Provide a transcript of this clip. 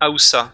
aoussa